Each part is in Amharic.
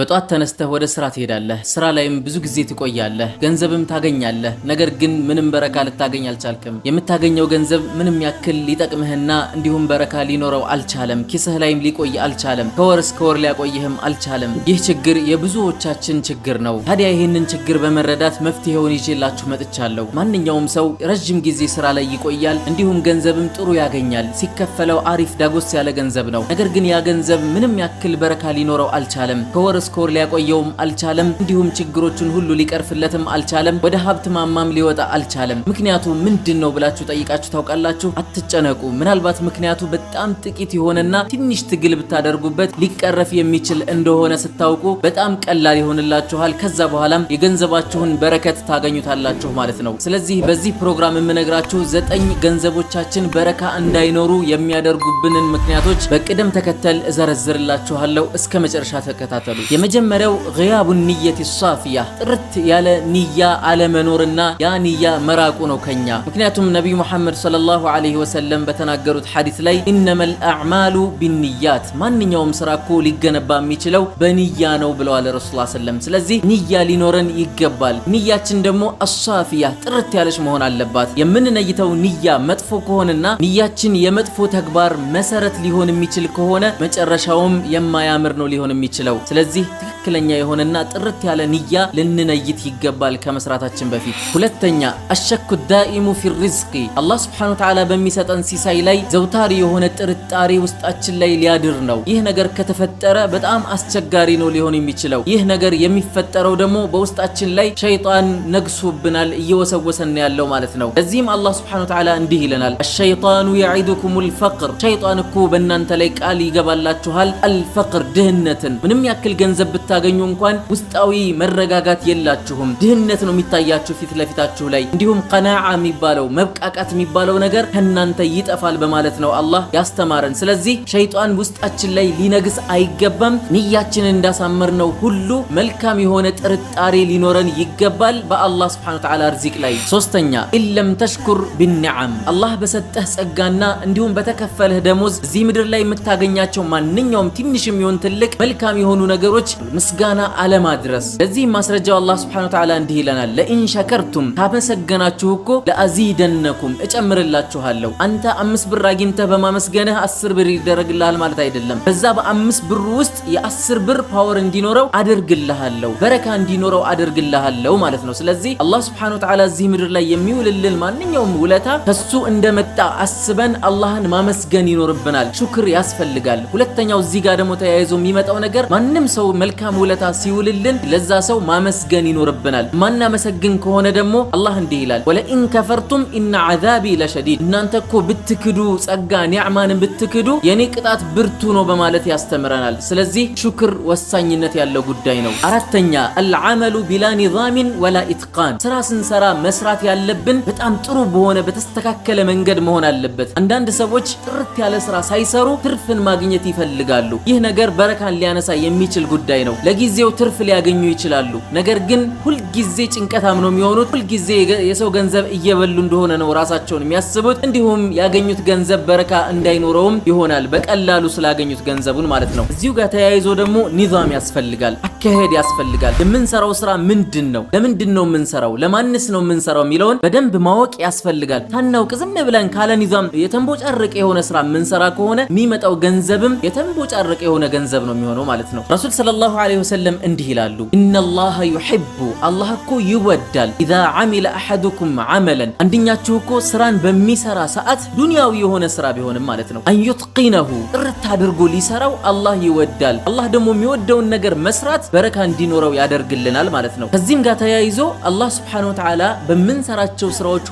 በጧት ተነስተህ ወደ ስራ ትሄዳለህ። ስራ ላይም ብዙ ጊዜ ትቆያለህ፣ ገንዘብም ታገኛለህ። ነገር ግን ምንም በረካ ልታገኝ አልቻልክም። የምታገኘው ገንዘብ ምንም ያክል ሊጠቅምህና እንዲሁም በረካ ሊኖረው አልቻለም። ኪስህ ላይም ሊቆይ አልቻለም። ከወር እስከ ወር ሊያቆይህም አልቻለም። ይህ ችግር የብዙዎቻችን ችግር ነው። ታዲያ ይህንን ችግር በመረዳት መፍትሄውን ይዤላችሁ መጥቻለሁ። ማንኛውም ሰው ረዥም ጊዜ ስራ ላይ ይቆያል፣ እንዲሁም ገንዘብም ጥሩ ያገኛል። ሲከፈለው አሪፍ ዳጎስ ያለ ገንዘብ ነው። ነገር ግን ያ ገንዘብ ምንም ያክል በረካ ሊኖረው አልቻለም። ከወር በስኮር ሊያቆየውም አልቻለም። እንዲሁም ችግሮቹን ሁሉ ሊቀርፍለትም አልቻለም። ወደ ሀብት ማማም ሊወጣ አልቻለም። ምክንያቱ ምንድን ነው ብላችሁ ጠይቃችሁ ታውቃላችሁ? አትጨነቁ። ምናልባት ምክንያቱ በጣም ጥቂት የሆነና ትንሽ ትግል ብታደርጉበት ሊቀረፍ የሚችል እንደሆነ ስታውቁ በጣም ቀላል ይሆንላችኋል። ከዛ በኋላም የገንዘባችሁን በረከት ታገኙታላችሁ ማለት ነው። ስለዚህ በዚህ ፕሮግራም የምነግራችሁ ዘጠኝ ገንዘቦቻችን በረካ እንዳይኖሩ የሚያደርጉብንን ምክንያቶች በቅደም ተከተል እዘረዝርላችኋለሁ። እስከ መጨረሻ ተከታተሉ። የመጀመሪያው ግያቡ ንየት ሳፊያ ጥርት ያለ ንያ አለመኖርና ያ ንያ መራቁ ነው ከኛ። ምክንያቱም ነቢዩ መሐመድ ሰለላሁ ዐለይሂ ወሰለም በተናገሩት ሐዲስ ላይ ኢነመል አዕማሉ ቢንያት ማንኛውም ስራ እኮ ሊገነባ የሚችለው በንያ ነው ብለዋል ረሱል ሰለም። ስለዚህ ንያ ሊኖረን ይገባል። ንያችን ደግሞ አሳፊያ ጥርት ያለች መሆን አለባት። የምንነይተው ንያ መጥፎ ከሆነና ንያችን የመጥፎ ተግባር መሰረት ሊሆን የሚችል ከሆነ መጨረሻውም የማያምር ነው ሊሆን የሚችለው ስለዚህ ስለዚህ ትክክለኛ የሆነና ጥርት ያለ ንያ ልንነይት ይገባል ከመስራታችን በፊት። ሁለተኛ አሸኩ ዳኢሙ ፊ ሪዝቂ አላህ ስብሐነሁ ወተዓላ በሚሰጠን ሲሳይ ላይ ዘውታሪ የሆነ ጥርጣሬ ውስጣችን ላይ ሊያድር ነው። ይህ ነገር ከተፈጠረ በጣም አስቸጋሪ ነው ሊሆን የሚችለው። ይህ ነገር የሚፈጠረው ደግሞ በውስጣችን ላይ ሸይጣን ነግሶብናል እየወሰወሰን ያለው ማለት ነው። ለዚህም አላህ ስብሐነሁ ወተዓላ እንዲህ ይለናል፣ አሸይጣኑ የዒዱኩሙል ፈቅር ሸይጣን እኮ በእናንተ ላይ ቃል ይገባላችኋል አልፈቅር ድህነትን ምንም ያክል ገንዘብ ገንዘብ ብታገኙ እንኳን ውስጣዊ መረጋጋት የላችሁም። ድህነት ነው የሚታያችሁ ፊት ለፊታችሁ ላይ። እንዲሁም ቀናዓ የሚባለው መብቃቃት የሚባለው ነገር ከእናንተ ይጠፋል በማለት ነው አላህ ያስተማረን። ስለዚህ ሸይጣን ውስጣችን ላይ ሊነግስ አይገባም። ንያችንን እንዳሳመር ነው ሁሉ መልካም የሆነ ጥርጣሬ ሊኖረን ይገባል በአላህ ስብሐነሁ ወተዓላ ርዚቅ ላይ። ሶስተኛ ኢለም ተሽኩር ቢኒዓም አላህ በሰጠህ ጸጋና እንዲሁም በተከፈለህ ደሞዝ እዚህ ምድር ላይ የምታገኛቸው ማንኛውም ትንሽም ይሁን ትልቅ መልካም የሆኑ ነገሮች ሰዎች ምስጋና አለማድረስ። ለዚህ ማስረጃው አላህ ሱብሓነሁ ወተዓላ እንዲህ ይለናል፣ ለኢን ሸከርቱም ካመሰገናችሁ እኮ ለአዚደነኩም እጨምርላችኋለሁ። አንተ አምስት ብር አግኝተህ በማመስገንህ አስር ብር ይደረግልሃል ማለት አይደለም። በዛ በአምስት ብር ውስጥ የአስር ብር ፓወር እንዲኖረው አድርግልሃለሁ፣ በረካ እንዲኖረው አድርግልሃለሁ ማለት ነው። ስለዚህ አላህ ሱብሓነሁ ወተዓላ እዚህ ምድር ላይ የሚውልልን ማንኛውም ውለታ ከሱ እንደመጣ አስበን አላህን ማመስገን ይኖርብናል። ሹክር ያስፈልጋል። ሁለተኛው እዚህ ጋር ደግሞ ተያይዞ የሚመጣው ነገር ማንም ሰው መልካም ውለታ ሲውልልን ለዛ ሰው ማመስገን ይኖርብናል። ማናመሰግን ከሆነ ደግሞ አላህ እንዲህ ይላል፣ ወለኢን ከፈርቱም ኢነ አዛቢ ለሸዲድ፣ እናንተ እኮ ብትክዱ ጸጋ ኒዕማንን ብትክዱ የኔ ቅጣት ብርቱ ነው በማለት ያስተምረናል። ስለዚህ ሹክር ወሳኝነት ያለው ጉዳይ ነው። አራተኛ አልዓመሉ ቢላ ኒዛሚን ወላ ኢትቃን፣ ስራ ስንሰራ መስራት ያለብን በጣም ጥሩ በሆነ በተስተካከለ መንገድ መሆን አለበት። አንዳንድ ሰዎች ጥርት ያለ ስራ ሳይሰሩ ትርፍን ማግኘት ይፈልጋሉ። ይህ ነገር በረካን ሊያነሳ የሚችል ጉዳይ ጉዳይ ነው። ለጊዜው ትርፍ ሊያገኙ ይችላሉ። ነገር ግን ሁልጊዜ ጭንቀታም ነው የሚሆኑት። ሁልጊዜ የሰው ገንዘብ እየበሉ እንደሆነ ነው ራሳቸውን የሚያስቡት። እንዲሁም ያገኙት ገንዘብ በረካ እንዳይኖረውም ይሆናል፣ በቀላሉ ስላገኙት ገንዘቡን ማለት ነው። እዚሁ ጋር ተያይዞ ደግሞ ኒዛም ያስፈልጋል፣ አካሄድ ያስፈልጋል። የምንሰራው ስራ ምንድን ነው? ለምንድን ነው የምንሰራው? ለማንስ ነው የምንሰራው የሚለውን በደንብ ማወቅ ያስፈልጋል። ታናውቅ ዝም ብለን ካለ ኒዛም የተንቦጫረቀ የሆነ ስራ የምንሰራ ከሆነ የሚመጣው ገንዘብም የተንቦጫረቀ የሆነ ገንዘብ ነው የሚሆነው ማለት ነው። ረሱል ሰለላሁ ዐለይሂ ወሰለም እንዲህ ይላሉ፣ ኢነላሃ ዩሕቡ አላህ እኮ ይወዳል። ኢዛ ዐሚለ አሐዱኩም ዐመለን አንድኛችሁ እኮ ስራን በሚሰራ ሰዓት ዱንያዊ የሆነ ስራ ቢሆንም ማለት ነው። አንዩትቂነሁ ጥርት አድርጎ ሊሰራው አላህ ይወዳል። አላህ ደግሞ የሚወደውን ነገር መስራት በረካ እንዲኖረው ያደርግልናል ማለት ነው። ከዚህም ጋር ተያይዞ አላህ ስብሓነሁ ወተዓላ በምንሰራቸው ስራዎች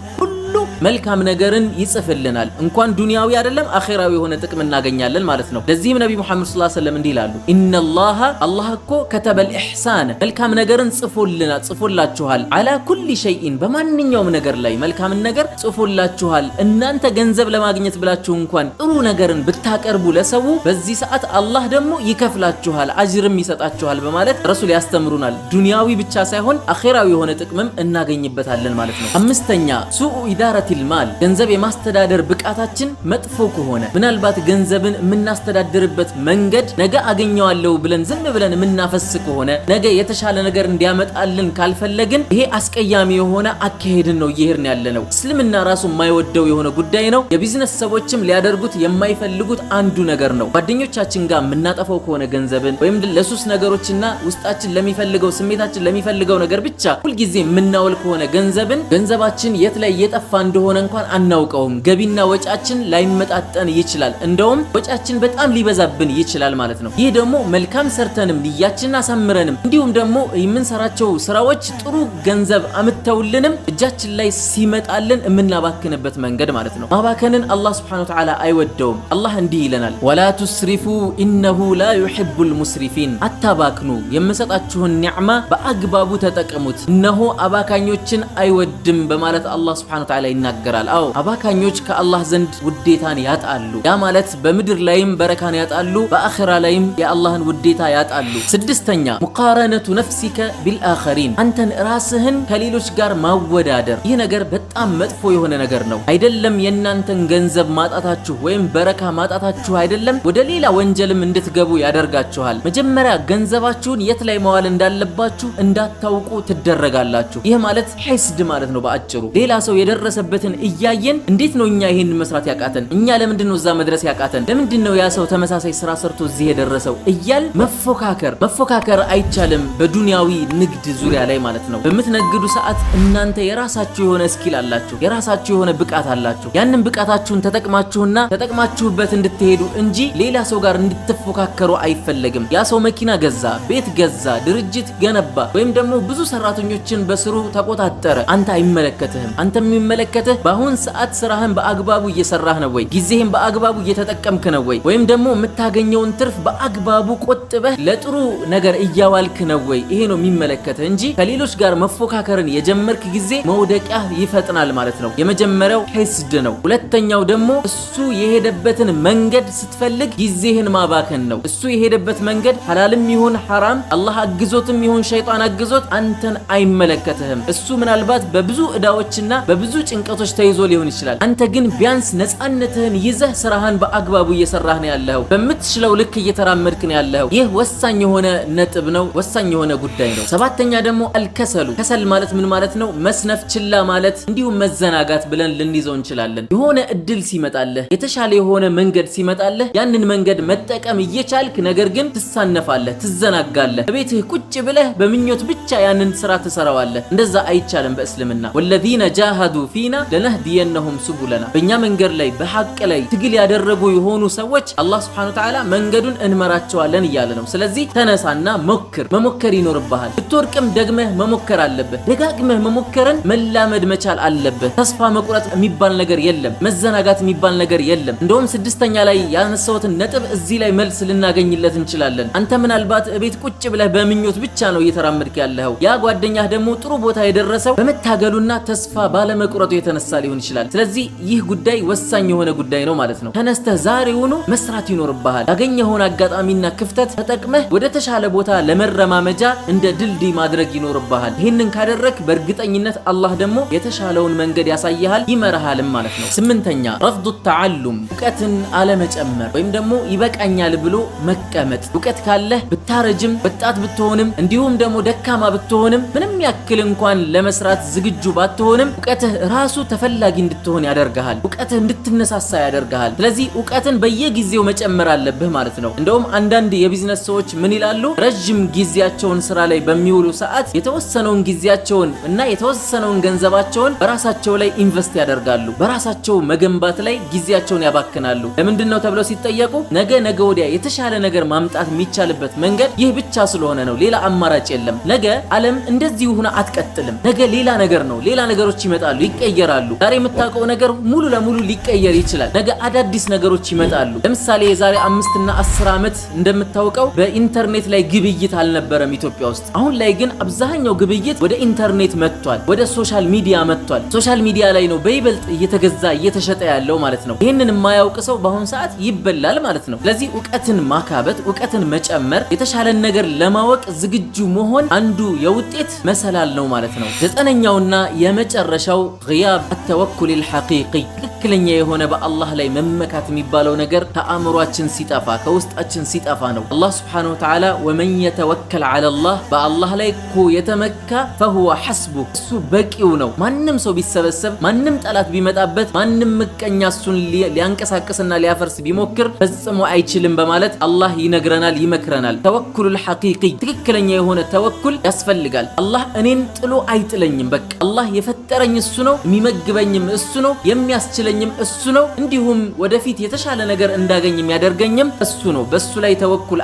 መልካም ነገርን ይጽፍልናል። እንኳን ዱንያዊ አይደለም አኼራዊ የሆነ ጥቅም እናገኛለን ማለት ነው። ለዚህም ነቢ ሙሐመድ ሰለላሁ ዐለይሂ ወሰለም እንዲህ ይላሉ፣ ኢነላህ አላህ እኮ ከተበል ኢሕሳን መልካም ነገርን ጽፎልናል ጽፎላችኋል፣ አላ ኩሊ ሸይኢን በማንኛውም ነገር ላይ መልካምን ነገር ጽፎላችኋል። እናንተ ገንዘብ ለማግኘት ብላችሁ እንኳን ጥሩ ነገርን ብታቀርቡ ለሰው በዚህ ሰዓት አላህ ደግሞ ይከፍላችኋል፣ አጅርም ይሰጣችኋል በማለት ረሱል ያስተምሩናል። ዱንያዊ ብቻ ሳይሆን አኼራዊ የሆነ ጥቅምም እናገኝበታለን ማለት ነው። አምስተኛ ሱኡ ኢዳረት ኢዳረቲል ማል ገንዘብ የማስተዳደር ብቃታችን መጥፎ ከሆነ ምናልባት ገንዘብን የምናስተዳድርበት መንገድ ነገ አገኘዋለሁ ብለን ዝም ብለን የምናፈስ ከሆነ ነገ የተሻለ ነገር እንዲያመጣልን ካልፈለግን ይሄ አስቀያሚ የሆነ አካሄድን ነው እየሄድን ያለ ነው። እስልምና ራሱ የማይወደው የሆነ ጉዳይ ነው። የቢዝነስ ሰዎችም ሊያደርጉት የማይፈልጉት አንዱ ነገር ነው። ጓደኞቻችን ጋር የምናጠፋው ከሆነ ገንዘብን ወይም ለሱስ ነገሮችና ውስጣችን ለሚፈልገው ስሜታችን ለሚፈልገው ነገር ብቻ ሁልጊዜ የምናውል ከሆነ ገንዘብን ገንዘባችን የት ላይ እየጠፋ እንደሆነ እንደሆነ እንኳን አናውቀውም። ገቢና ወጫችን ላይመጣጠን ይችላል። እንደውም ወጫችን በጣም ሊበዛብን ይችላል ማለት ነው። ይህ ደግሞ መልካም ሰርተንም ልያችንን አሳምረንም እንዲሁም ደግሞ የምንሰራቸው ስራዎች ጥሩ ገንዘብ አምተውልንም እጃችን ላይ ሲመጣልን የምናባክንበት መንገድ ማለት ነው። ማባከንን አላህ ስብሐነሁ ወተዓላ አይወደውም። አላህ እንዲህ ይለናል፣ ወላ ቱስሪፉ ኢነሁ ላ ዩሂቡል ሙስሪፊን። አታባክኑ፣ የምሰጣችሁን ኒዕማ በአግባቡ ተጠቀሙት፣ እነሆ አባካኞችን አይወድም በማለት አላህ ስብሐነሁ ወተዓላ ይናገራል። ይናገራል። አዎ አባካኞች ከአላህ ዘንድ ውዴታን ያጣሉ። ያ ማለት በምድር ላይም በረካን ያጣሉ፣ በአኺራ ላይም የአላህን ውዴታ ያጣሉ። ስድስተኛ ሙቃረነቱ ነፍሲከ ቢልአኸሪን፣ አንተን ራስህን ከሌሎች ጋር ማወዳደር። ይህ ነገር በጣም መጥፎ የሆነ ነገር ነው። አይደለም የእናንተን ገንዘብ ማጣታችሁ ወይም በረካ ማጣታችሁ አይደለም፣ ወደ ሌላ ወንጀልም እንድትገቡ ያደርጋችኋል። መጀመሪያ ገንዘባችሁን የት ላይ መዋል እንዳለባችሁ እንዳታውቁ ትደረጋላችሁ። ይህ ማለት ሐስድ ማለት ነው በአጭሩ ሌላ ሰው የደረሰበት ያለበትን እያየን እንዴት ነው እኛ ይሄን መስራት ያቃተን? እኛ ለምንድን ነው እዛ መድረስ ያቃተን? ለምንድን ነው ያ ሰው ተመሳሳይ ስራ ሰርቶ እዚህ የደረሰው እያል መፎካከር መፎካከር አይቻልም። በዱንያዊ ንግድ ዙሪያ ላይ ማለት ነው። በምትነግዱ ሰዓት እናንተ የራሳችሁ የሆነ ስኪል አላችሁ፣ የራሳችሁ የሆነ ብቃት አላችሁ። ያንን ብቃታችሁን ተጠቅማችሁና ተጠቅማችሁበት እንድትሄዱ እንጂ ሌላ ሰው ጋር እንድትፎካከሩ አይፈለግም። ያ ሰው መኪና ገዛ፣ ቤት ገዛ፣ ድርጅት ገነባ፣ ወይም ደግሞ ብዙ ሰራተኞችን በስሩ ተቆጣጠረ። አንተ አይመለከትህም። አንተ የሚመለከትህ ሰጥተህ በአሁን ሰዓት ስራህን በአግባቡ እየሰራህ ነው ወይ? ጊዜህን በአግባቡ እየተጠቀምክ ነው ወይ? ወይም ደግሞ የምታገኘውን ትርፍ በአግባቡ ቆጥበህ ለጥሩ ነገር እያዋልክ ነው ወይ? ይሄ ነው የሚመለከትህ እንጂ ከሌሎች ጋር መፎካከርን የጀመርክ ጊዜ መውደቂያ ይፈጥናል ማለት ነው። የመጀመሪያው ሄስድ ነው። ሁለተኛው ደግሞ እሱ የሄደበትን መንገድ ስትፈልግ ጊዜህን ማባከን ነው። እሱ የሄደበት መንገድ ሐላልም ይሁን ሐራም አላህ አግዞትም ይሁን ሸይጣን አግዞት አንተን አይመለከትህም። እሱ ምናልባት በብዙ እዳዎችና በብዙ ጭንቀት ምክንያቶች ተይዞ ሊሆን ይችላል። አንተ ግን ቢያንስ ነፃነትህን ይዘህ ስራህን በአግባቡ እየሰራህ ነው ያለኸው፣ በምትችለው ልክ እየተራመድክ ነው ያለኸው። ይህ ወሳኝ የሆነ ነጥብ ነው፣ ወሳኝ የሆነ ጉዳይ ነው። ሰባተኛ ደግሞ አልከሰሉ። ከሰል ማለት ምን ማለት ነው? መስነፍ፣ ችላ ማለት እንዲሁም መዘናጋት ብለን ልንይዘው እንችላለን። የሆነ እድል ሲመጣለህ፣ የተሻለ የሆነ መንገድ ሲመጣለህ ያንን መንገድ መጠቀም እየቻልክ ነገር ግን ትሳነፋለህ፣ ትዘናጋለህ። በቤትህ ቁጭ ብለህ በምኞት ብቻ ያንን ስራ ትሰራዋለህ። እንደዛ አይቻልም በእስልምና ወለዚነ ጃሃዱ ፊና ለነህዲየነሁም ሱቡለና በእኛ መንገድ ላይ በሐቅ ላይ ትግል ያደረጉ የሆኑ ሰዎች አላህ ሱብሓነሁ ወተዓላ መንገዱን እንመራቸዋለን እያለ ነው። ስለዚህ ተነሳና ሞክር፣ መሞከር ይኖርብሃል። ትወርቅም ደግመህ መሞከር አለብህ። ደጋግመህ መሞከርን መላመድ መቻል አለብህ። ተስፋ መቁረጥ የሚባል ነገር የለም። መዘናጋት የሚባል ነገር የለም። እንደውም ስድስተኛ ላይ ያነሳሁትን ነጥብ እዚህ ላይ መልስ ልናገኝለት እንችላለን። አንተ ምናልባት እቤት ቁጭ ብለህ በምኞት ብቻ ነው እየተራመድክ ያለኸው። ያ ጓደኛህ ደግሞ ጥሩ ቦታ የደረሰው በመታገሉና ተስፋ ባለመቁረጡ የተነሳ ሊሆን ይችላል። ስለዚህ ይህ ጉዳይ ወሳኝ የሆነ ጉዳይ ነው ማለት ነው። ተነስተህ ዛሬውኑ መስራት ይኖርብሃል። ያገኘኸውን አጋጣሚና ክፍተት ተጠቅመህ ወደ ተሻለ ቦታ ለመረማመጃ እንደ ድልድይ ማድረግ ይኖርብሃል። ይህንን ካደረግ በእርግጠኝነት አላህ ደግሞ የተሻለውን መንገድ ያሳይሃል፣ ይመራሃልም ማለት ነው። ስምንተኛ ረፍዱ ተዓሉም እውቀትን አለመጨመር ወይም ደግሞ ይበቃኛል ብሎ መቀመጥ። እውቀት ካለህ ብታረጅም ወጣት ብትሆንም እንዲሁም ደግሞ ደካማ ብትሆንም ምንም ያክል እንኳን ለመስራት ዝግጁ ባትሆንም እውቀትህ ራሱ ተፈላጊ እንድትሆን ያደርግሃል። እውቀትህ እንድትነሳሳ ያደርግሃል። ስለዚህ እውቀትን በየጊዜው መጨመር አለብህ ማለት ነው። እንደውም አንዳንድ የቢዝነስ ሰዎች ምን ይላሉ? ረዥም ጊዜያቸውን ስራ ላይ በሚውሉ ሰዓት የተወሰነውን ጊዜያቸውን እና የተወሰነውን ገንዘባቸውን በራሳቸው ላይ ኢንቨስት ያደርጋሉ። በራሳቸው መገንባት ላይ ጊዜያቸውን ያባክናሉ። ለምንድን ነው ተብለው ሲጠየቁ ነገ ነገ ወዲያ የተሻለ ነገር ማምጣት የሚቻልበት መንገድ ይህ ብቻ ስለሆነ ነው፣ ሌላ አማራጭ የለም። ነገ ዓለም እንደዚህ ሆነ አትቀጥልም። ነገ ሌላ ነገር ነው። ሌላ ነገሮች ይመጣሉ፣ ይቀየራሉ። ይቀየራሉ። ዛሬ የምታውቀው ነገር ሙሉ ለሙሉ ሊቀየር ይችላል። ነገ አዳዲስ ነገሮች ይመጣሉ። ለምሳሌ የዛሬ አምስትና አስር ዓመት እንደምታውቀው በኢንተርኔት ላይ ግብይት አልነበረም ኢትዮጵያ ውስጥ። አሁን ላይ ግን አብዛኛው ግብይት ወደ ኢንተርኔት መጥቷል፣ ወደ ሶሻል ሚዲያ መጥቷል። ሶሻል ሚዲያ ላይ ነው በይበልጥ እየተገዛ እየተሸጠ ያለው ማለት ነው። ይህንን የማያውቅ ሰው በአሁኑ ሰዓት ይበላል ማለት ነው። ስለዚህ እውቀትን ማካበት፣ እውቀትን መጨመር፣ የተሻለን ነገር ለማወቅ ዝግጁ መሆን አንዱ የውጤት መሰላል ነው ማለት ነው። ዘጠነኛውና የመጨረሻው ያ አልኪታብ አተወኩል ልሐቂቂ ትክክለኛ የሆነ በአላህ ላይ መመካት የሚባለው ነገር ከአእምሯችን ሲጠፋ ከውስጣችን ሲጠፋ ነው። አላህ ስብሓነሁ ወተዓላ ወመን የተወከል ዐለላህ በአላህ ላይ እኮ የተመካ ፈሁወ ሐስቡ እሱ በቂው ነው። ማንም ሰው ቢሰበሰብ፣ ማንም ጠላት ቢመጣበት፣ ማንም ምቀኛ እሱን ሊያንቀሳቅስና ሊያፈርስ ቢሞክር ፈጽሞ አይችልም በማለት አላህ ይነግረናል፣ ይመክረናል። ተወኩሉል ሐቂቂ ትክክለኛ የሆነ ተወኩል ያስፈልጋል። አላህ እኔን ጥሎ አይጥለኝም። በቃ አላህ የፈጠረኝ እሱ ነው። የሚመግበኝም እሱ ነው፣ የሚያስችለኝም እሱ ነው። እንዲሁም ወደፊት የተሻለ ነገር እንዳገኝ የሚያደርገኝም እሱ ነው። በሱ ላይ ተወኩል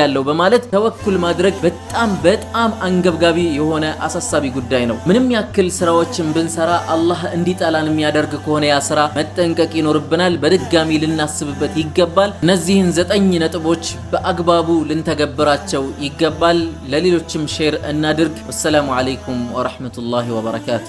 ያለው በማለት ተወኩል ማድረግ በጣም በጣም አንገብጋቢ የሆነ አሳሳቢ ጉዳይ ነው። ምንም ያክል ስራዎችን ብንሰራ አላህ እንዲጠላን የሚያደርግ ከሆነ ያ ስራ መጠንቀቅ ይኖርብናል። በድጋሚ ልናስብበት ይገባል። እነዚህን ዘጠኝ ነጥቦች በአግባቡ ልንተገብራቸው ይገባል። ለሌሎችም ሼር እናድርግ። ወሰላሙ አለይኩም ወረህመቱላሂ ወበረካቱ።